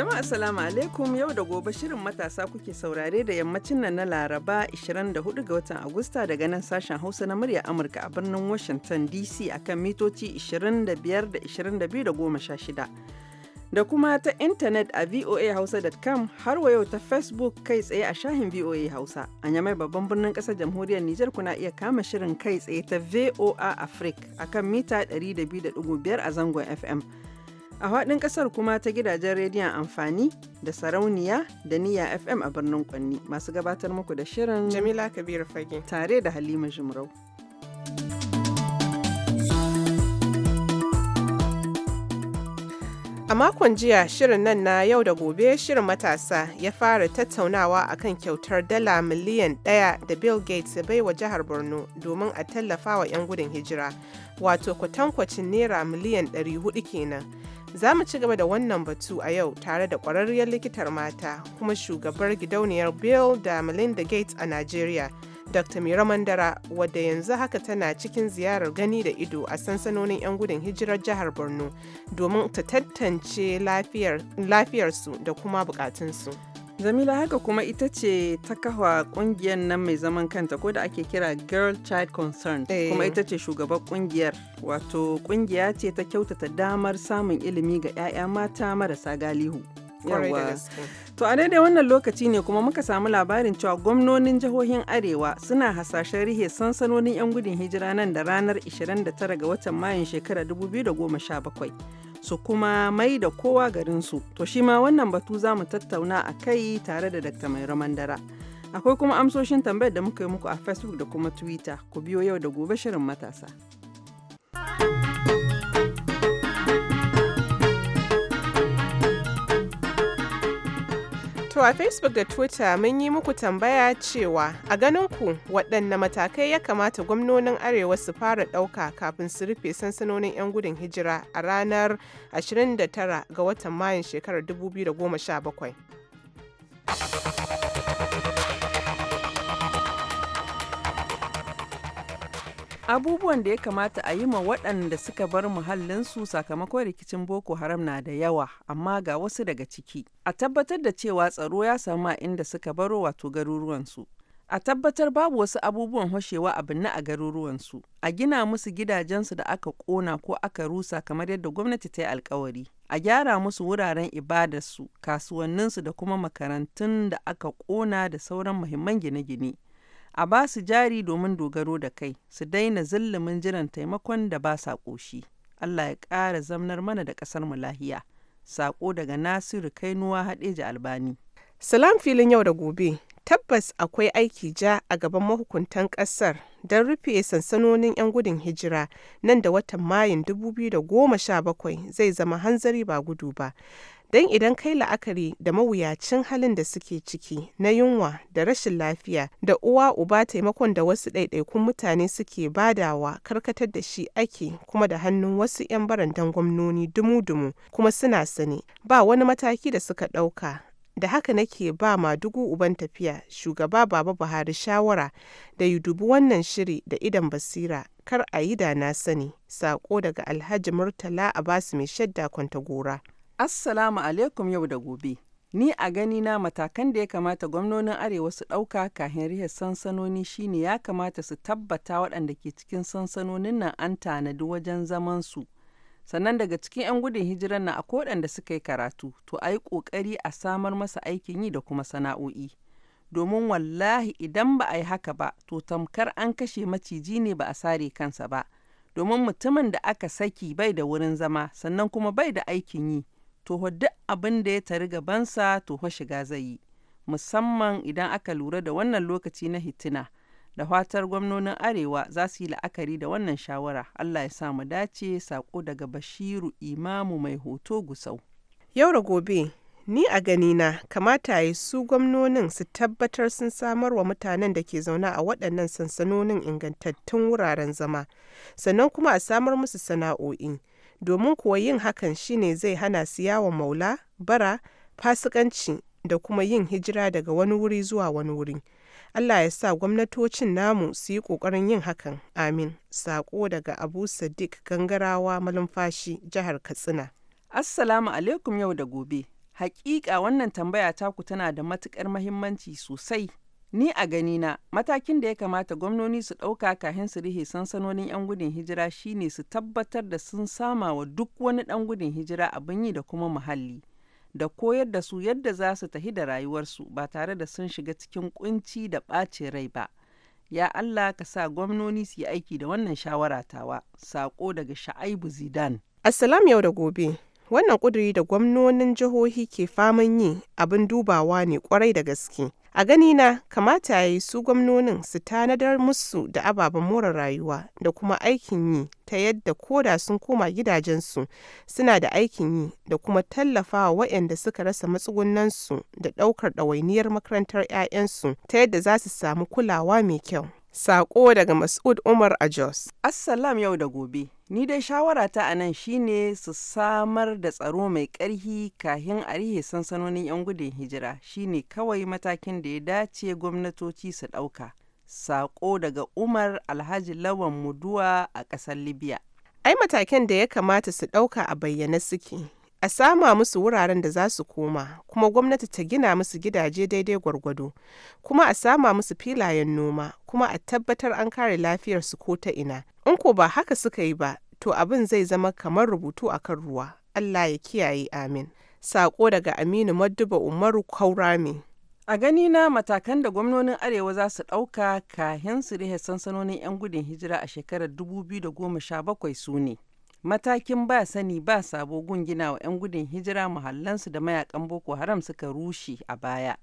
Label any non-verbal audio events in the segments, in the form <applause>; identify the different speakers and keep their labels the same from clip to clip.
Speaker 1: Jama'a Assalamu alaikum yau da gobe shirin matasa kuke saurare da yammacin nan na Laraba 24 ga watan Agusta daga nan sashen Hausa na murya Amurka a birnin Washington DC akan mitoci 25 da 22 da kuma ta intanet a voahausa.com har wa yau ta Facebook kai tsaye a shahin VOA Hausa. A yamai babban birnin ƙasar jamhuriyar Nijar kuna iya kama shirin kai tsaye ta VOA Africa akan mita 102.5 a zangon FM. A faɗin ƙasar kuma ta gidajen rediyon amfani da sarauniya da niya FM a birnin Kwanni masu gabatar muku da shirin Jamila Kabiru Fage tare da Halima Jumrau.
Speaker 2: A makon jiya shirin nan na yau da gobe shirin matasa ya fara tattaunawa akan kyautar dala miliyan ɗaya da Bill Gates ya baiwa jihar Borno domin a tallafa wa 'yan gudun hijira, wato kwatankwacin naira miliyan 400 kenan. Za mu ci gaba da wannan batu a yau tare da ƙwararriyar likitar mata kuma shugabar gidauniyar Bill da Melinda Gates a Najeriya, Dr. Mira Mandara, wadda yanzu haka tana cikin ziyarar gani da ido a sansanonin 'yan gudun hijirar jihar Borno domin ta tantance lafiyarsu da kuma bukatunsu.
Speaker 1: Jamila haka kuma ita ce ta kafa kungiyar nan mai zaman kanta ko da ake kira Girl Child Concern eh. kuma ita ce shugaban kungiyar wato kungiya ce ta kyautata damar samun ilimi ga 'ya'ya mata marasa galihu. to a daidai wannan lokaci ne kuma muka samu labarin cewa gwamnonin jihohin arewa suna hasashen rihe sansanonin 'yan gudun hijira nan da ranar 29 ga watan mayun shekarar 2017 su kuma mai da kowa garinsu. To shi ma wannan batu za mu tattauna a kai tare da Dr. Mai Ramandara. Akwai kuma amsoshin tambayar da muka yi muku a Facebook da kuma Twitter. Ku biyo yau da gobe shirin matasa.
Speaker 2: a Facebook da Twitter mun yi muku tambaya cewa a ganin ku waɗanne matakai ya kamata gwamnonin Arewa su fara ɗauka kafin su rufe sansanonin 'yan gudun hijira a ranar 29 ga watan Mayun shekarar 2017.
Speaker 1: abubuwan da ya kamata a yi ma waɗanda suka bar muhallinsu sakamakon rikicin boko haram na da yawa amma ga wasu daga ciki a tabbatar da cewa tsaro ya samu a inda suka baro wato garuruwansu a tabbatar babu wasu abubuwan hoshewa a binne a garuruwansu a gina musu gidajensu da aka ƙona ko aka rusa kamar yadda gwamnati ta yi alkawari a gyara musu wuraren ibadarsu kasuwanninsu da kuma makarantun da aka ƙona da sauran muhimman gine-gine a ba su jari domin dogaro da kai su daina zillumin jiran taimakon da ba sa ƙoshi Allah ya ƙara zamnar mana da ƙasar mu lahiya saƙo daga Nasiru Kainuwa Hadeja Albani
Speaker 2: Salam filin yau da gobe tabbas akwai aiki ja a gaban mahukuntan ƙasar don rufe sansanonin 'yan gudun hijira nan da watan mayun 2017 zai zama hanzari ba gudu ba don idan kai la'akari da mawuyacin halin da suke ciki na yunwa da rashin lafiya da uwa uba taimakon da wasu ɗaiɗaikun mutane suke badawa karkatar da shi ake kuma da hannun wasu 'yan barandan gwamnoni dumu-dumu kuma suna sani ba wani mataki da suka ɗauka da haka nake ba ma dugu uban tafiya shugaba baba buhari shawara da yi dubi wannan shiri da idan basira kar a yi da na sani sako daga alhaji murtala a basu mai shadda kwanta gora
Speaker 1: Assalamu alaikum yau da gobe. Ni a gani na matakan da ya kamata gwamnonin Arewa su ɗauka kahin rihar sansanoni shine ya kamata su tabbata waɗanda ke cikin sansanonin nan an tanadi wajen zaman su. Sannan daga cikin 'yan gudun hijirar na akwai waɗanda suka yi karatu, to a yi ƙoƙari a samar masa aikin yi da kuma sana'o'i. Domin wallahi idan ba a yi haka ba, to tamkar an kashe maciji ne ba a sare kansa ba. Domin mutumin da aka saki bai da wurin zama, sannan kuma bai da aikin yi. toho duk abin da ya tari gabansa toho shiga zai yi musamman idan aka lura da wannan lokaci na hitina da fatar gwamnonin arewa za su yi la'akari da wannan shawara allah ya sa mu dace sako daga bashiru imamu mai hoto gusau yau da gobe ni a ganina kamata ya
Speaker 2: su gwamnonin su tabbatar sun samar wa mutanen da ke zaune a waɗannan sansanonin ingantattun wuraren zama sannan kuma a samar musu sana'o'i domin kuwa yin hakan shine zai hana su yawon maula, bara, fasikanci da kuma yin hijira daga wani wuri zuwa wani wuri. Allah ya sa gwamnatocin namu su yi ƙoƙarin yin hakan, amin. Sako daga Abu Sadiq Gangarawa Malumfashi, Jihar
Speaker 1: Katsina. Assalamu alaikum yau da gobe. Hakika wannan tambaya taku tana da matuƙar mahimmanci sosai Ni a ganina, matakin da ya kamata gwamnoni su ɗauka kahin su rihe sansanonin 'yan gudun hijira shine su tabbatar da sun sama wa duk wani ɗan gudun hijira abin yi da kuma muhalli, da koyar da su yadda za su tahi da rayuwarsu ba tare da sun shiga cikin kunci da ɓacin rai ba. Ya Allah ka sa gwamnoni su yi aiki da wannan shawara tawa. Sako daga Sha'aibu Zidan. Assalam yau
Speaker 2: da gobe. Wannan ƙuduri da gwamnonin jihohi ke faman yi abin dubawa ne kwarai da gaske. A ganina kamata ya yi su gwamnonin su tanadar musu da ababen more rayuwa da kuma aikin yi ta yadda ko da sun koma gidajensu suna da aikin yi da kuma tallafawa waɗanda suka rasa matsugunansu da ɗaukar ɗawainiyar makarantar ‘ya'yansu ta yadda za su samu kulawa mai kyau. Sako daga Mas'ud Umar a Jos.
Speaker 1: Assalam yau da gobe. Ni dai shawara ta a nan shine su samar da tsaro mai ƙarhi kahin a rihe sansanonin 'yan gudun hijira shine kawai matakin da ya dace gwamnatoci su ɗauka. Sako daga Umar Alhaji Lawan Muduwa a ƙasar Libya.
Speaker 2: Ai matakin da ya kamata su ɗauka a bayyane suke. a sama musu wuraren da za su koma kuma gwamnati ta gina musu gidaje daidai gwargwado kuma a sama musu filayen noma kuma a tabbatar an kare lafiyarsu ko ta ina in ko ba haka suka yi ba to abin zai zama kamar rubutu a kan ruwa allah ya kiyaye amin saƙo daga aminu madduba umaru kaurami
Speaker 1: a gani na matakan da gwamnonin arewa za su ɗauka kahin su rihe sansanonin 'yan gudun hijira a shekarar dubu biyu da goma 2017 su ne matakin ba sani ba sabo gun gina wa 'yan gudun hijira muhallansu da mayakan boko haram suka rushe a baya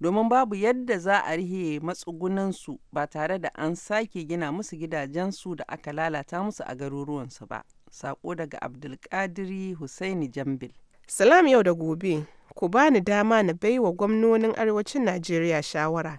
Speaker 1: domin babu yadda za a rihe matsugunansu ba tare da an sake gina musu gidajensu da aka lalata musu a garuruwansu ba sako daga abdulkadiri husaini jambil salam yau da gobe ku bani dama na baiwa gwamnonin
Speaker 2: arewacin najeriya shawara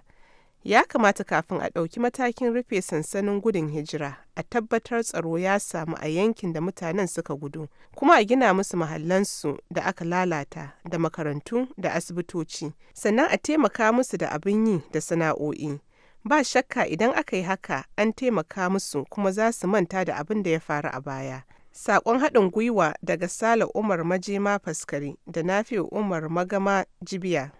Speaker 2: ya kamata kafin a ɗauki matakin rufe sansanin gudun hijira a tabbatar tsaro ya samu a yankin da mutanen suka gudu kuma a gina musu mahallansu da aka lalata da makarantu da asibitoci sannan a taimaka musu da abin yi da sana'o'i ba shakka idan aka yi haka an taimaka musu kuma za su manta da abin da ya faru a baya Saƙon haɗin gwiwa daga Sale Umar Majema Faskari da Nafi Umar Magama Jibiya.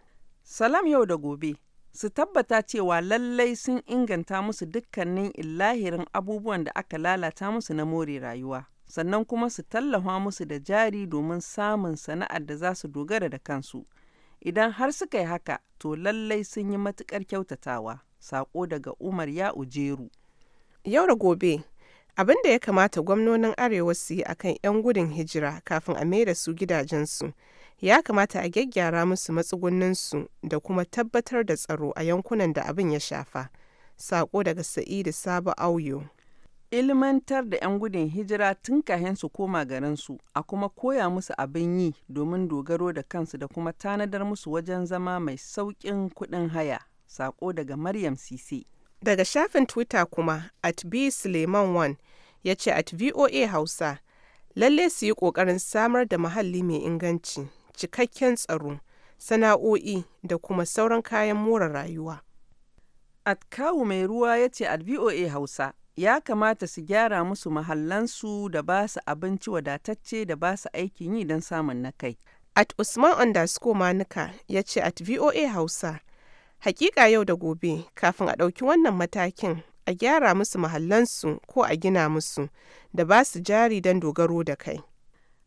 Speaker 2: Salam
Speaker 1: yau da gobe. su tabbata cewa lallai sun inganta musu dukkanin illahirin abubuwan da aka lalata musu na more rayuwa sannan kuma su tallafa musu da jari domin samun sana'ar da za su dogara da kansu idan har suka yi haka to lallai sun yi matukar kyautatawa sako daga umar ya ujeru
Speaker 2: yau da gobe abin da ya kamata gwamnonin arewa su yi akan 'yan gudun hijira kafin a maida su gidajensu ya kamata a gyaggyara musu matsugunninsu da kuma tabbatar da tsaro a yankunan da abin ya shafa. Sako daga Sa'idu Sabo
Speaker 1: Auyo. Ilmantar da 'yan gudun hijira tun kahin su koma garinsu, a kuma koya musu abin yi domin dogaro da kansu da kuma tanadar musu wajen zama mai sauƙin kuɗin haya. Sako daga Maryam Sise. Daga shafin Twitter kuma,
Speaker 2: at B. Suleiman one ya ce at VOA Hausa, lalle su yi ƙoƙarin samar da muhalli mai inganci cikakken tsaro sana'o'i da kuma
Speaker 1: sauran kayan more rayuwa atkawu mai ruwa ya ce at voa hausa ya kamata su gyara musu mahallansu da ba su abinci wadatacce da ba su aikin yi don samun na kai at usman underscore manuka ya ce at voa
Speaker 2: hausa hakika yau da gobe kafin a ɗauki wannan matakin a gyara musu mahallansu ko a gina musu da ba su jari don dogaro da kai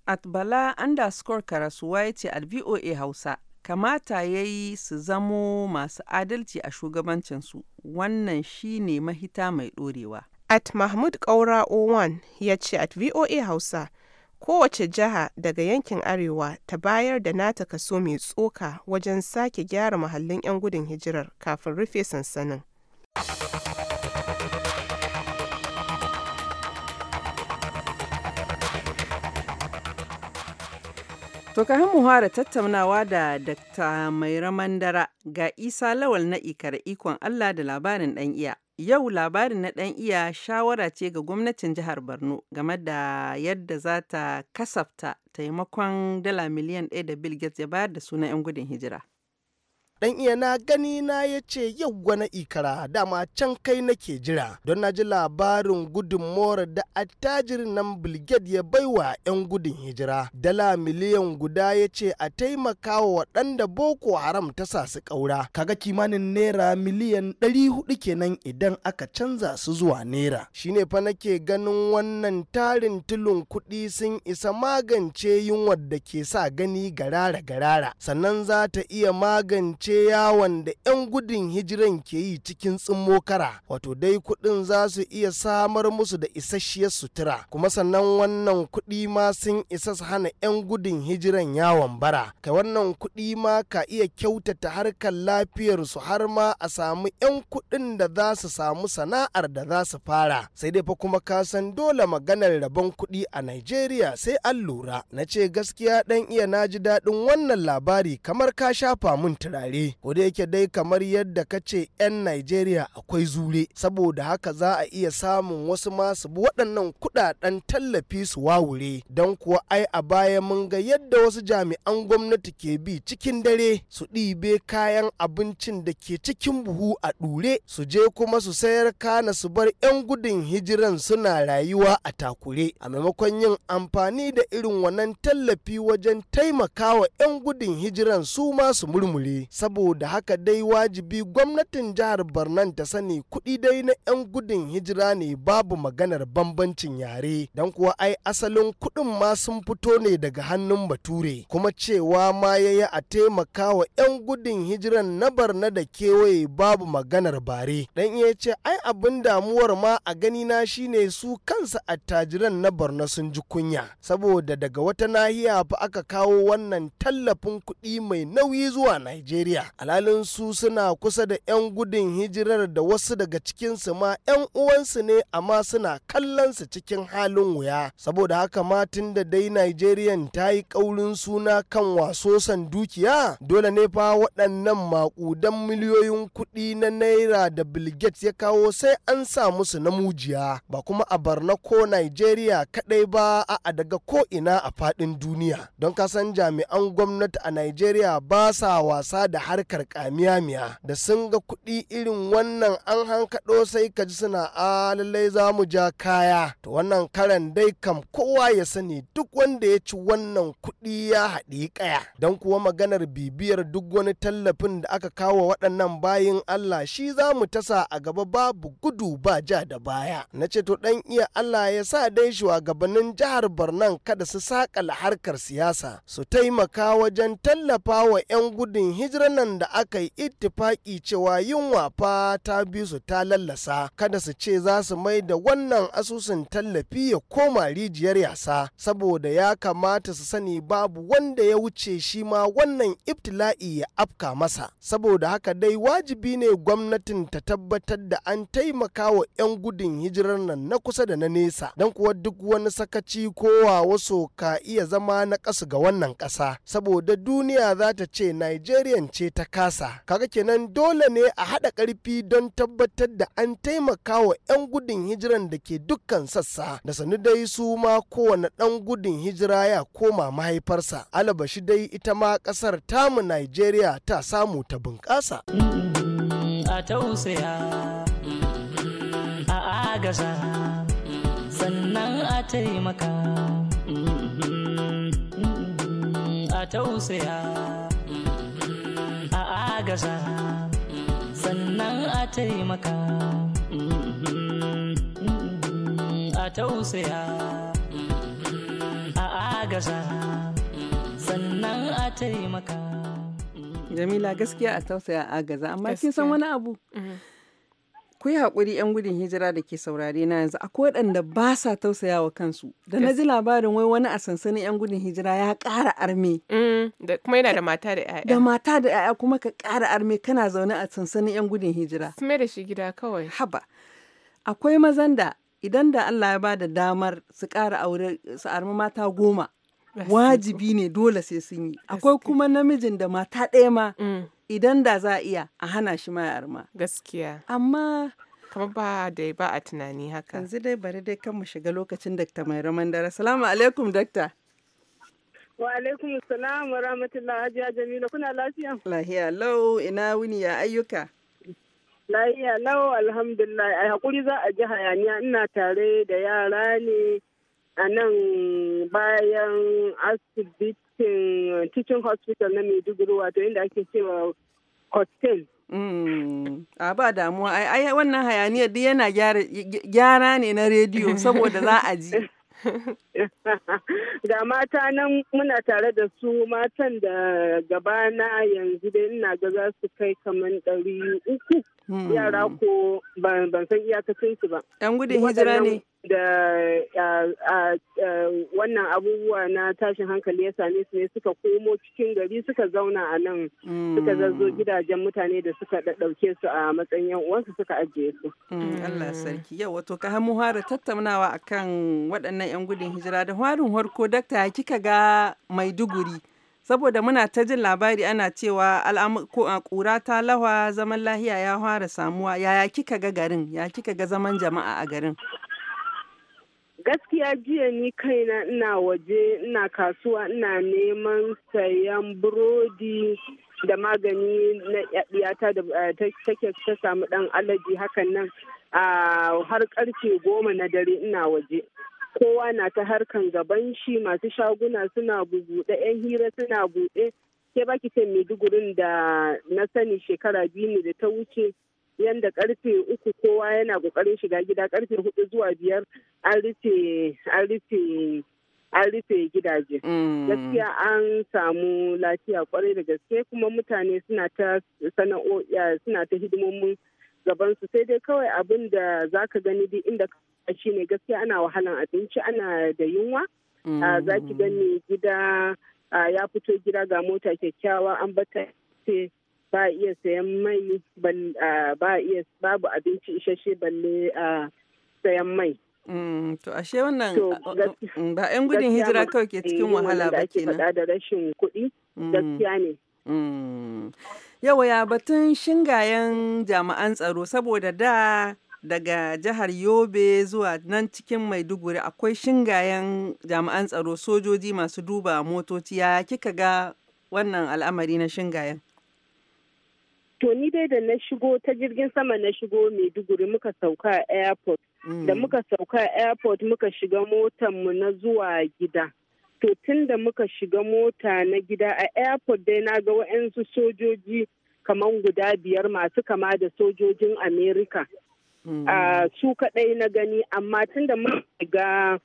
Speaker 1: at bala underscore karasuwa ya ce voa hausa kamata ya yi su zamo masu adalci a shugabancinsu wannan shi ne mahita mai ɗorewa.
Speaker 2: at mahmud kaura 01 ya ce at voa hausa kowace jiha daga yankin arewa ta bayar da nata kaso mai tsoka wajen sake gyara mahallin 'yan gudun hijirar kafin rufe sansanin.
Speaker 1: To ka mu fara tattaunawa da Dr. Mai Ramandara ga Isa Lawal na ikar ikon Allah da labarin ɗan iya. Yau labarin na ɗan iya shawara ce ga gwamnatin jihar Borno game da yadda za ta kasafta taimakon dala miliyan ɗaya da Bill Gates ya bayar da sunan 'yan gudun hijira.
Speaker 3: dan iya na gani na ya ce gwana na ikara dama can kai nake jira don na ji labarin gudun gudunmawar da attajirin nan bilged ya baiwa 'yan gudun hijira dala miliyan guda ya ce a taimaka wa waɗanda boko haram ta sa su ƙaura kaga kimanin naira miliyan 400 kenan idan aka canza su zuwa naira ne fa nake ganin wannan tarin tulun kuɗi sun isa magance yunwar da ke sa gani garara garara sannan za ta iya magance ce yawon da 'yan gudun hijiran ke yi cikin tsimokara wato dai kudin za su iya samar musu da isasshiyar sutura kuma sannan wannan kudi ma sun isa su hana 'yan gudun hijiran yawon bara kai wannan kudi ma ka iya kyautata harkar lafiyar su har ma a samu 'yan kudin da za su samu sana'ar da za su fara sai dai fa kuma ka san dole maganar rabon kudi a Najeriya sai an lura na ce gaskiya dan iya na ji daɗin wannan labari kamar ka shafa mun turare zare ko da yake dai kamar yadda ka ce 'yan Najeriya akwai zure saboda haka za a iya samun wasu masu waɗannan kuɗaɗen tallafi su wawure don kuwa ai a baya mun ga yadda wasu jami'an gwamnati ke bi cikin dare su ɗibe kayan abincin da ke cikin buhu a ɗure su je kuma su sayar kana su bar 'yan gudun hijiran suna rayuwa a takure a maimakon yin amfani da irin wannan tallafi wajen taimakawa 'yan gudun hijiran su ma su murmure saboda haka dai wajibi gwamnatin jihar barnan ta sani kuɗi dai na 'yan gudun hijira ne babu maganar bambancin yare don kuwa ai asalin kuɗin ma sun fito ne daga hannun bature kuma cewa ma ya yi a taimaka wa 'yan gudun hijiran na barna da kewaye babu maganar bare dan iya ce ai abin damuwar ma a gani na shine su kansa attajiran na barna sun ji kunya saboda daga wata nahiya fa aka kawo wannan tallafin kuɗi mai nauyi zuwa Najeriya Najeriya. alalin su suna kusa da 'yan gudun hijirar da wasu daga cikinsu ma 'yan uwansu ne amma suna kallon su cikin halin wuya. Saboda haka ma da dai Nigerian ta yi ƙaurin suna kan wasosan dukiya dole ne fa waɗannan maƙudan miliyoyin kuɗi na naira da Bill Gates ya kawo sai an sa musu na mujiya ba kuma a barna ko Nigeria kaɗai ba a daga ko ina a faɗin duniya. Don kasan jami'an gwamnati a Nigeria ba sa wasa da harkar kamiyamiya da sun ga kuɗi irin wannan an hankaɗo sai ka ji suna a lallai za mu ja kaya to wannan karan dai kam kowa ya sani duk wanda ya ci wannan kuɗi ya haɗi kaya don kuwa maganar bibiyar duk wani tallafin da aka kawo waɗannan bayin Allah shi za mu tasa a gaba babu gudu ba ja da baya na ce to ɗan iya Allah ya sa dai shugabannin jihar Barnan kada su saƙala harkar siyasa su taimaka wajen tallafa wa 'yan gudun hijiran wannan da aka yi ittifaki cewa yunwa fa ta bi su ta lallasa kada su ce za su mai da wannan asusun tallafi ya koma rijiyar yasa saboda ya kamata su sani babu wanda ya wuce shi ma wannan ibtila'i ya afka masa saboda haka dai wajibi ne gwamnatin ta tabbatar da an taimaka wa 'yan gudun hijirar nan na kusa da na nesa don kuwa duk wani sakaci kowa wasu ka iya zama na ƙasa ga wannan ƙasa saboda duniya za ta ce nigerian ce ce ta kasa kaga kenan dole ne a haɗa ƙarfi don tabbatar da an taimaka wa 'yan gudun hijiran da ke dukkan sassa da sanu dai su ma kowane ɗan gudun hijira ya koma mahaifarsa alaba shi dai ita ma ƙasar tamu nigeria ta samu ta bunƙasa
Speaker 1: tausaya gaza sannan a taimaka a tausaya a agaza sannan a taimaka jamila gaskiya a tausaya a agaza amma kin san wani abu mm-hmm. ku yi haƙuri 'yan gudun hijira da ke saurare na yanzu akwai waɗanda ba sa tausaya wa kansu da na ji labarin wai wani a sansanin 'yan gudun hijira ya ƙara arme mm, da kuma yana da mata da 'ya'ya da mata da 'ya'ya kuma ka ƙara arme kana zaune a sansanin 'yan gudun hijira su da shi gida kawai haba akwai mazan da idan da Allah ya ba da damar su ƙara aure su armi mata goma wajibi ne dole sai sun yi akwai kuma namijin da mata ɗaya ma mm. idan da za a iya a hana shi ma gaskiya amma kamar ba da ba a tunani haka
Speaker 4: yanzu dai bari dai
Speaker 1: kan mu shiga lokacin dakta mai dara salamu alaikum dakta
Speaker 4: wa alaikum salam wa rahmatullahi hajiya jamila kuna lafiya lahiya lau ina wuni ya ayyuka lahiya lau alhamdulillah a hakuri za a ji hayaniya ina tare da yara ne a nan bayan asibitin teaching hospital na maiduguri wato inda ake cewa hostel
Speaker 1: mm. a ba damuwa ai wannan hayaniyar duk yana gyara ne na rediyo saboda za a ji <laughs>
Speaker 4: <laughs> ga mata nan muna tare da su matan da gabana yanzu dai ina ga za su kai kamar ɗari uku hmm. yara ko ban san iyakacin su ba. Yan gudun hijira ne. Da wannan abubuwa na tashin hankali ya same su ne suka komo cikin gari suka zauna a nan
Speaker 1: hmm. suka zazzo
Speaker 4: gidajen mutane da suka ɗauke su a matsayin yan uwansu suka ajiye su. Hmm, Allah sarki
Speaker 1: yau wato ka hamu hara tattaunawa akan waɗannan yan gudun hijira jira da warin harko dakta kika ga maiduguri saboda muna ta jin labari ana cewa kura ta lawa zaman lahiya ya fara samuwa yaya kika ga garin ya kika ga zaman jama'a a garin
Speaker 4: gaskiya jiya ni kaina ina waje ina kasuwa ina neman sayan burodi da magani na ɗiyata da eh, take ta samu ɗan alaji hakan nan ah, har karfe goma na dare ina waje kowa na ta harkan gaban shi masu shaguna suna bubuɗe 'yan hira suna buɗe ke baki ce maiduguri da na sani shekara biyu ne da ta wuce yadda karfe uku kowa yana kokarin shiga gida karfe hudu zuwa biyar an rufe an rufe gidaje mm. gaskiya an samu lafiya kwarai da gaske kuma mutane suna ta sana'o'i suna ta hidimomin gabansu sai dai kawai abin da za ka gani duk inda shi ne gaskiya ana wahalan abinci ana da yunwa za ki mm. gani gida ya fito gida ga mota kyakkyawa an bata ce ba iya sayan mai ba iya babu abinci isasshe balle sayan mai
Speaker 1: mm, to ashe wannan mm, ba 'yan gudun hijira kawai ke cikin eh, wahala ba kenan da
Speaker 4: rashin kuɗi gaskiya ne Yau ya batun
Speaker 1: shingayen jami'an tsaro saboda da daga jihar Yobe zuwa nan cikin Maiduguri akwai shingayen jami'an tsaro sojoji masu duba motoci ya kika ga wannan al'amari na shingayen.
Speaker 4: To ni dai da na shigo ta jirgin sama na shigo Maiduguri muka sauka a airport. Da mm. muka sauka a airport muka shiga motanmu na zuwa gida. to tun da muka shiga mota na gida a airport dai na ga wa'yansu sojoji kamar guda biyar masu kama da sojojin america mm. su kaɗai na gani amma tun da muka shiga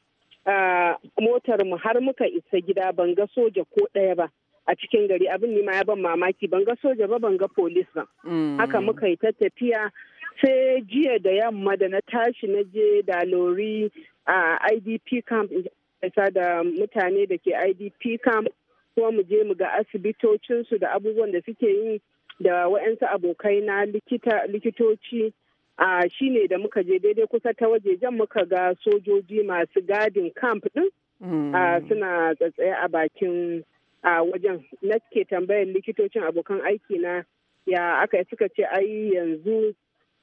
Speaker 4: motar mu har muka isa gida ban ga soja ko ɗaya ba a cikin gari abin nima ya ban mamaki ban ga soja ba ban ga polis ba
Speaker 5: mm. haka muka
Speaker 4: yi ta tafiya sai jiya da yamma da na tashi na je da lori a idp camp isa da mutane da ke idp camp ko mu je mu ga asibitocinsu da abubuwan da suke yi da wa'yansu abokai na likitoci a shine da muka je daidai kusa ta waje jan muka ga sojoji masu gadin camp din mm. suna tsatsaye a bakin a wajen na ke tambayar likitocin abokan aiki na ya aka suka ce ai yanzu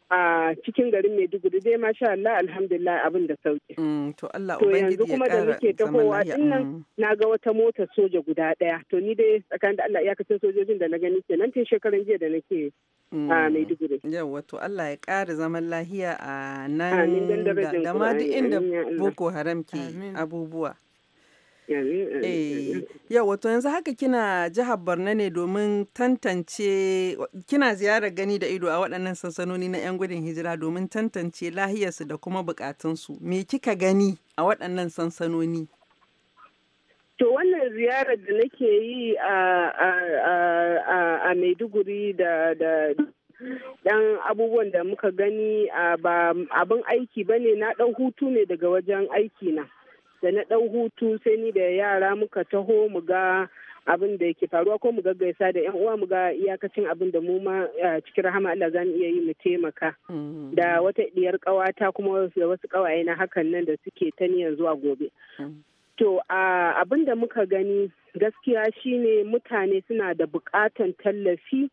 Speaker 4: a cikin garin Maiduguri dai masha Allah alhamdulillah abin da sauki.
Speaker 1: Mm, to Allah Ubangiji ya kuma da muke tahowa
Speaker 4: nan mm. na ga wata mota soja guda daya. To ni dai tsakanin da Allah iyakacin sojojin da na gani ke nan tun shekaran jiya da nake a mm. Maiduguri.
Speaker 1: Yawwa to Allah ya kara zaman lahiya a nan da ma duk inda Boko Haram ke abubuwa.
Speaker 4: Eh, eh,
Speaker 1: Yau wato yanzu haka kina jihar Borno ne domin tantance kina ziyarar gani da ido a waɗannan sansanoni na 'yan gudun hijira domin tantance lahiyarsu da kuma bukatunsu. Me kika gani a waɗannan sansanoni?
Speaker 4: To wannan ziyarar da nake yi a Maiduguri da dan abubuwan da muka gani ba abin aiki ba ne, na ɗan hutu ne daga wajen aiki na. da na ɗau hutu sai ni da yara muka taho mu ga abin da yake faruwa ko mu gaggaisa da yan uwa mu ga iyakacin abin da mu ma eh, cikin rahama Allah za mu iya yi mu taimaka
Speaker 5: mm-hmm. da
Speaker 4: wata diyar kawata kuma da wasu ƙawaye na hakan nan da suke ta niyan zuwa gobe mm-hmm. to abin da muka gani gaskiya shine mutane suna da bukatan tallafi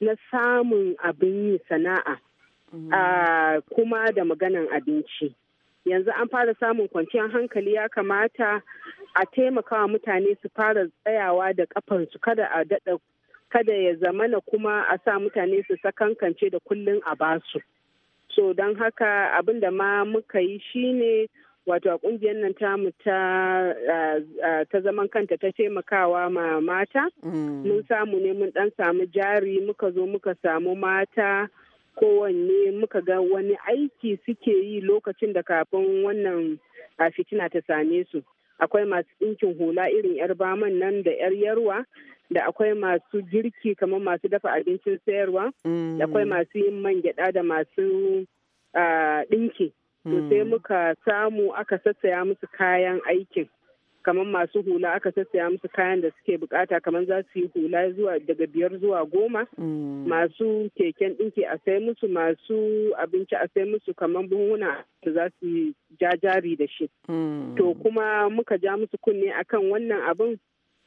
Speaker 4: na samun abin yi sana'a
Speaker 5: mm-hmm.
Speaker 4: kuma da maganan abinci yanzu an fara samun kwanciyar hankali ya kamata a taimaka wa mutane su fara tsayawa da kafansu kada a daɗa kada ya zamana kuma a sa mutane su sakankance da kullun a basu so don haka abin da ma muka yi shine wato a kungiyar nan tamu ta ta zaman kanta ta taimakawa ma mata
Speaker 5: mm. mun
Speaker 4: samu ne mun dan samu jari muka zo muka samu mata kowanne muka ga wani aiki suke yi lokacin da kafin wannan fitina ta same su akwai masu ɗinkin hula irin yar baman nan da yar yarwa da akwai masu girki kamar masu dafa abincin sayarwa da akwai mm. masu yin man gyada da masu ɗinki sai mm. muka samu aka sassaya musu kayan aikin kamar masu hula aka sassaya musu kayan da suke bukata kamar za su yi hula zuwa daga biyar zuwa goma mm. masu keken dinki a sai musu masu abinci a sai musu kamar buhuna da za su yi jajari da shi mm. to kuma muka ja musu kunne akan wannan abin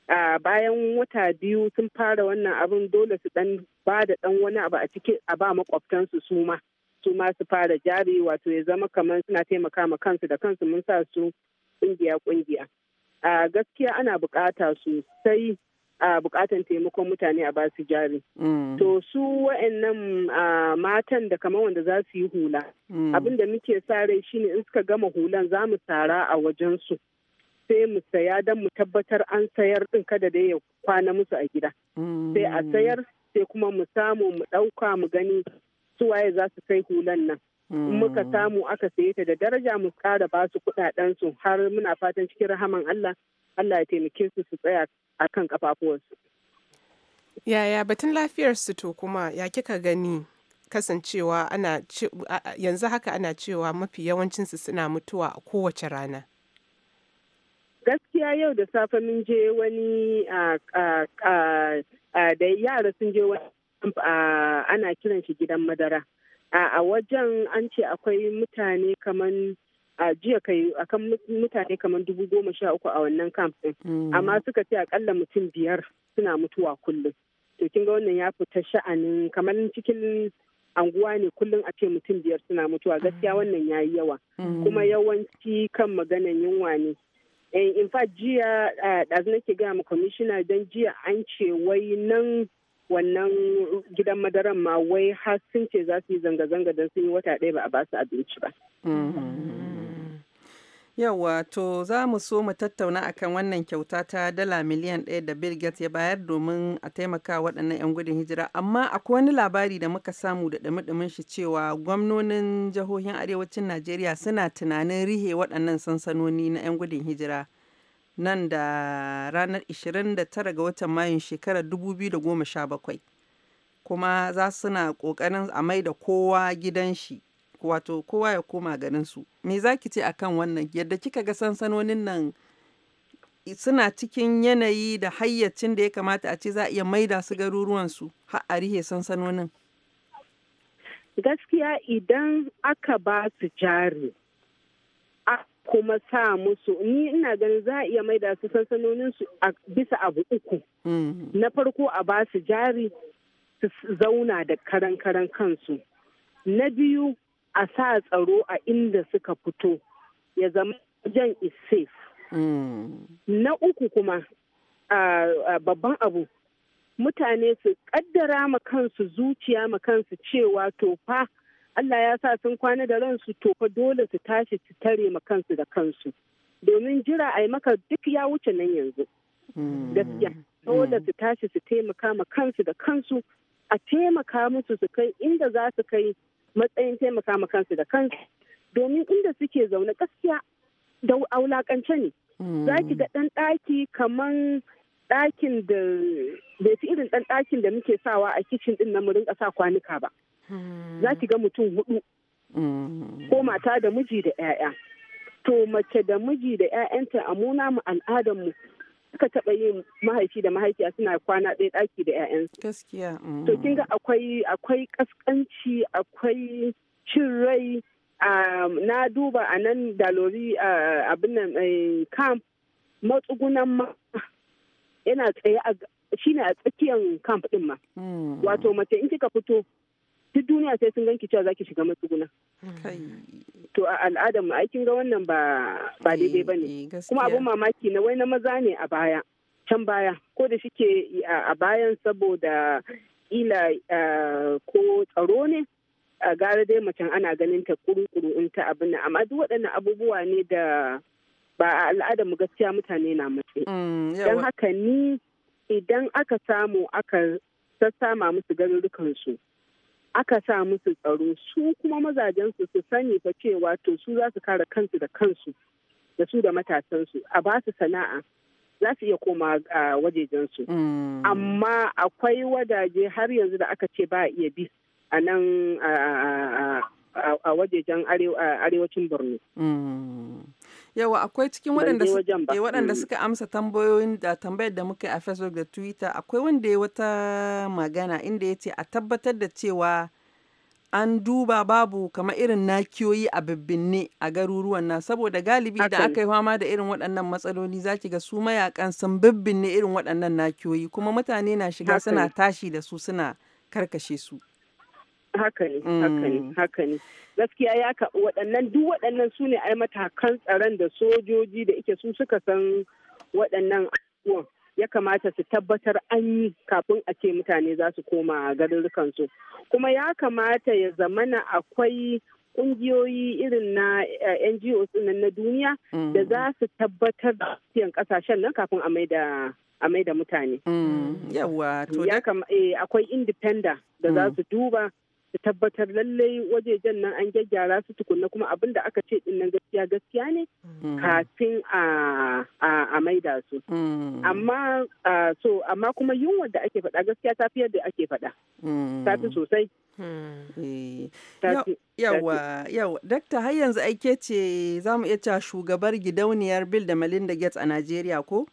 Speaker 4: a bayan wata biyu sun fara wannan abin dole su dan ba da dan wani abu a cikin a ba makwabtansu su ma su ma su fara jari wato ya zama kamar suna taimaka ma kansu da kansu mun sa su kungiya kungiya a gaskiya ana bukata sosai a bukatan taimakon mutane a basu jari.
Speaker 5: Mm. To
Speaker 4: su wa'annan matan da kamar wanda za su yi hula. Mm. Abin da muke sa rai shine in suka gama hulan za mu sara a wajen su. Sai mu saya don mu tabbatar an sayar din kada da ya kwana musu a gida.
Speaker 5: Mm. Sai a sayar
Speaker 4: sai kuma mu samu mu ɗauka mu gani su waye za su kai hulan nan. muka mm. samu aka saye ta da daraja mu kara ba su kudaden su har muna fatan cikin rahaman Allah Allah ya taimake su su tsaya akan kafafuwansu
Speaker 2: yaya batun lafiyar su to kuma ya kika gani kasancewa ana yanzu haka ana cewa mafi yawancin su suna mutuwa a kowace rana
Speaker 4: gaskiya yau da safe mun je wani da yara sun je wani ana kiran shi gidan madara a wajen an ce akwai mutane kaman a jiya kai akan mutane kaman dubu goma sha uku a wannan camp din hmm. amma suka ce akalla mutum biyar suna mutuwa kullum to kin ga wannan ya fita sha'anin kamar cikin anguwa ne kullum a ce mutum biyar suna mutuwa gaskiya wannan ya yi yawa hmm. kuma yawanci kan maganan yunwa ne eh, in fact jiya ɗazu nake gaya ma kwamishina don jiya an ce wai nan wannan gidan madaran ma wai har sun ce za su yi zanga-zanga don sun yi wata ɗaya ba a basu abinci ba. Mm-hmm.
Speaker 1: Yawwa to za mu so mu tattauna akan wannan kyauta ta dala miliyan ɗaya da Bill Gates ya bayar domin a taimaka waɗannan 'yan gudun hijira. Amma akwai wani labari da muka samu da ɗumi ɗimin shi cewa gwamnonin jihohin arewacin Najeriya suna tunanin rihe waɗannan sansanoni na 'yan gudun hijira. nan da ranar 29 ga watan Mayun shekarar 2017. Kuma za suna ƙoƙarin a mai da kowa gidan shi, wato kowa ya koma garinsu. Me za ki ce akan wannan yadda kika ga sansanonin nan suna cikin yanayi da hayyacin da ya kamata a ce za a iya maida su garuruwansu har a rihe sansanonin.
Speaker 4: Gaskiya idan aka ba su jari kuma sa musu ni ina ganin za a iya maida su sansanonin su bisa abu uku mm. na farko a ba su jari su zauna da karan karan kansu na biyu a sa tsaro a inda suka fito ya zama jan is safe mm. na uku kuma babban abu mutane su kaddara ma kansu zuciya ma kansu cewa to fa Allah ya sa sun kwana da ransu to fa dole su tashi su tare ma kansu da kansu domin jira a yi maka duk ya wuce nan yanzu hmm. gaskiya dole su tashi su taimaka ma kansu da kansu a taimaka musu su kai inda za su kai matsayin taimaka ma kansu da kansu domin inda suke zaune gaskiya da aulakance ne hmm. za ki ga ɗan ɗaki kaman ɗakin da bai fi irin ɗan ɗakin da muke sawa a kicin ɗin na mu rinƙa sa kwanuka ba za ki ga mutum hudu ko mata da miji da 'ya'ya to mace da miji da 'ya'yanta a muna mu al'adar mu suka taɓa yin mahaifi da mahaifiya suna kwana ɗaya ɗaki da 'ya'yansu gaskiya mm. to kin ga akwai akwai kaskanci akwai cin rai na duba a nan dalori abin nan eh, camp matsugunan ma yana tsaye shine a tsakiyar camp din ma mm. wato mace in kika fito duk duniya sai sun ganki cewa zaki shiga matsuguna to a al'adar mu aikin ga wannan ba ba eh, daidai bane eh, kuma abun mamaki na wai na maza ne a baya can baya ko da shike a bayan saboda ila ko tsaro ne a gara dai macen ana ganin ta kuru-kuru in ta abin nan amma duk waɗannan abubuwa ne da ba a al'adar mu gaskiya mutane na matse mm, don haka ni idan aka samu aka sassama musu garurukansu aka sa musu tsaro su kuma mazajensu su sani fa cewa to su za su kare kansu da kansu da su da matasansu a ba su sana'a za su iya koma a wajejensu mm. amma akwai wadaje har yanzu da aka ce ba a iya bi a nan a wajejen arewacin borno
Speaker 1: mm.
Speaker 4: Yawa akwai cikin waɗanda eh, mm. suka
Speaker 1: amsa tambayoyin da tambayar da muka yi a Facebook da Twitter akwai wanda ya wata magana inda ya ce a tabbatar da cewa an duba babu kama irin nakiyoyi a bibbinne a garuruwan na saboda galibi da aka yi fama da irin waɗannan matsaloli zaki ga su mayakan sun bibbinne irin waɗannan nakiyoyi kuma mutane na shiga suna tashi da su suna karkashe su.
Speaker 4: haka ne haka ne mm. haka gaskiya ya ka waɗannan duk waɗannan su ne ai matakan tsaron da sojoji da ike su suka san waɗannan abubuwan ya kamata su tabbatar an yi kafin a ce mutane za su koma su kuma ya kamata ya zamana akwai kungiyoyi irin na eh, NGOs na duniya mm. da za su tabbatar da kasashen nan kafin a maida a da mutane. Mm. Yawwa, to eh, akwai independent da za mm. su duba su tabbatar lallai wajejen nan an gyaggyara su tukunna kuma abin da aka ce din nan gaskiya gaskiya ne
Speaker 5: mm. kafin
Speaker 4: a maida su mm. amma kuma yunwa da ake faɗa gaskiya ta fi yadda ake faɗa
Speaker 1: mm. ta fi sosai yawa eh.
Speaker 4: yawa dakta har yanzu aike ce
Speaker 1: za mu iya cewa shugabar gidauniyar bill da melinda gates a najeriya ko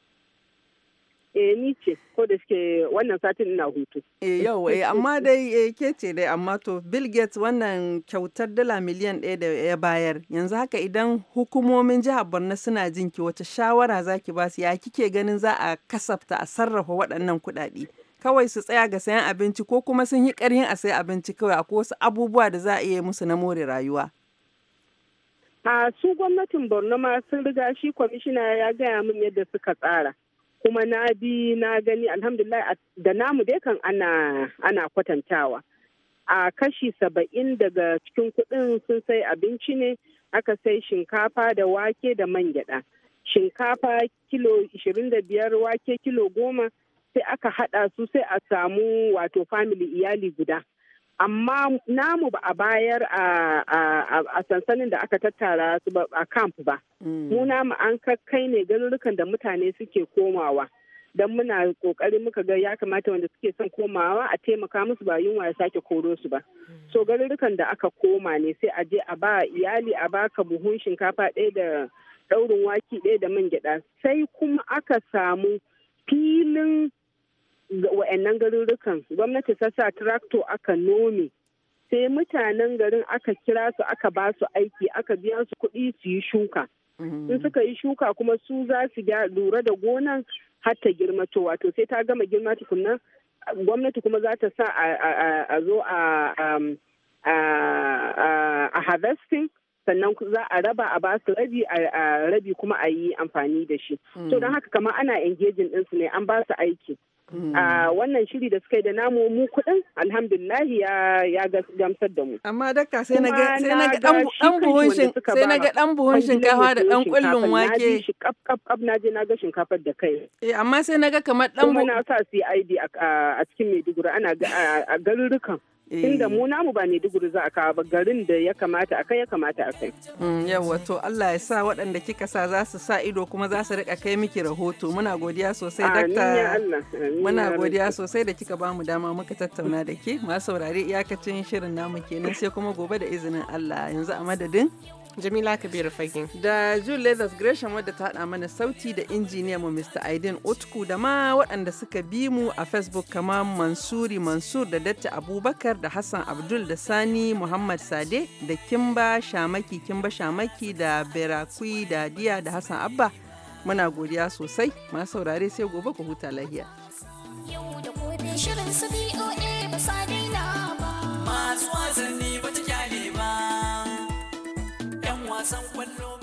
Speaker 4: eh ni ce ko da suke wannan satin ina hutu e yau eh amma
Speaker 1: <laughs> dai eh, ke ce dai amma to Bill Gates wannan kyautar dala miliyan ɗaya da ya bayar yanzu haka idan hukumomin jihar Borno suna jin ki wata shawara ki ba su ya kike ganin za a kasafta a sarrafa waɗannan kuɗaɗe kawai su tsaya ga sayan abinci ko kuma sun yi ƙarhin a sayi abinci kawai a wasu abubuwa da za a iya musu na more rayuwa
Speaker 4: a su gwamnatin borno ma sun riga shi kwamishina ya gaya min yadda suka tsara kuma na bi na gani alhamdulillah da namu dai kan ana ana kwatantawa a kashi saba'in daga cikin kuɗin sun sai abinci ne aka sai shinkafa da wake da man gyaɗa shinkafa kilo 25 wake kilo goma sai aka haɗa su sai a samu wato family iyali guda amma namu ba a bayar a sansanin da aka tattara su ba a camp ba mm. mu namu an kai ne garurukan da mutane suke komawa don muna kokari muka ga ya kamata wanda suke son komawa a taimaka musu ba yunwa ya sake koro su ba mm. so garurukan da aka koma ne sai a je a ba iyali a baka buhun shinkafa ɗaya da ɗaurin waki ɗaya da man gyaɗa sai kuma aka samu filin wa'annan garurrukan gwamnati ta sa tractor aka nome sai mutanen garin aka kira su aka ba su aiki aka biya su kuɗi su yi shuka mm-hmm. in suka yi shuka kuma su za su lura da gonan har ta girma to wato sai ta gama girma tukunna gwamnati kuma za ta sa a zo um, a harvesting sannan za a raba a ba su rabi a rabi kuma a yi amfani da shi mm. to don haka kamar ana engaging ɗinsu ne an ba su aiki Hmm. A wannan shiri da suka yi da namu mu kuɗin alhamdulillah ya gamsar da mu. Amma daka sai na ga dan buhun sai na ga ɗan buhun shinkafa da dan kullun wake. Na shi na je na ga shinkafar da kai. Eh amma sai na ga kamar dan buhun. Kuma na sa CID a cikin Maiduguri ana a garurukan. inda eh. mu namu ba duguri za a kawo ba garin da ya kamata a kai ya kamata a kai.
Speaker 1: Mm, yawwa to Allah ya sa waɗanda kika sa za su sa ido kuma za su rika kai miki rahoto. Muna godiya sosai dakta.
Speaker 4: Muna godiya
Speaker 1: sosai da kika bamu dama muka tattauna da ke. Masu saurari iyakacin shirin namu kenan sai kuma gobe da izinin Allah yanzu a madadin. Jamila Kabiru Fagin. Da Julius Gresham wadda ta haɗa mana sauti da injiniya mu Mr. Aidin Otku da ma waɗanda suka bi mu a Facebook kama Mansuri Mansur da Datta Abubakar da Hassan Abdul da Sani Muhammad Sade da Kimba Shamaki Kimba Shamaki da Berakui da Diya da Hassan Abba. Muna godiya sosai, masu saurare sai gobe ku huta lahiya.
Speaker 5: Yau da shirin su BOA ba sa daina ba.
Speaker 1: Masu Someone kwallo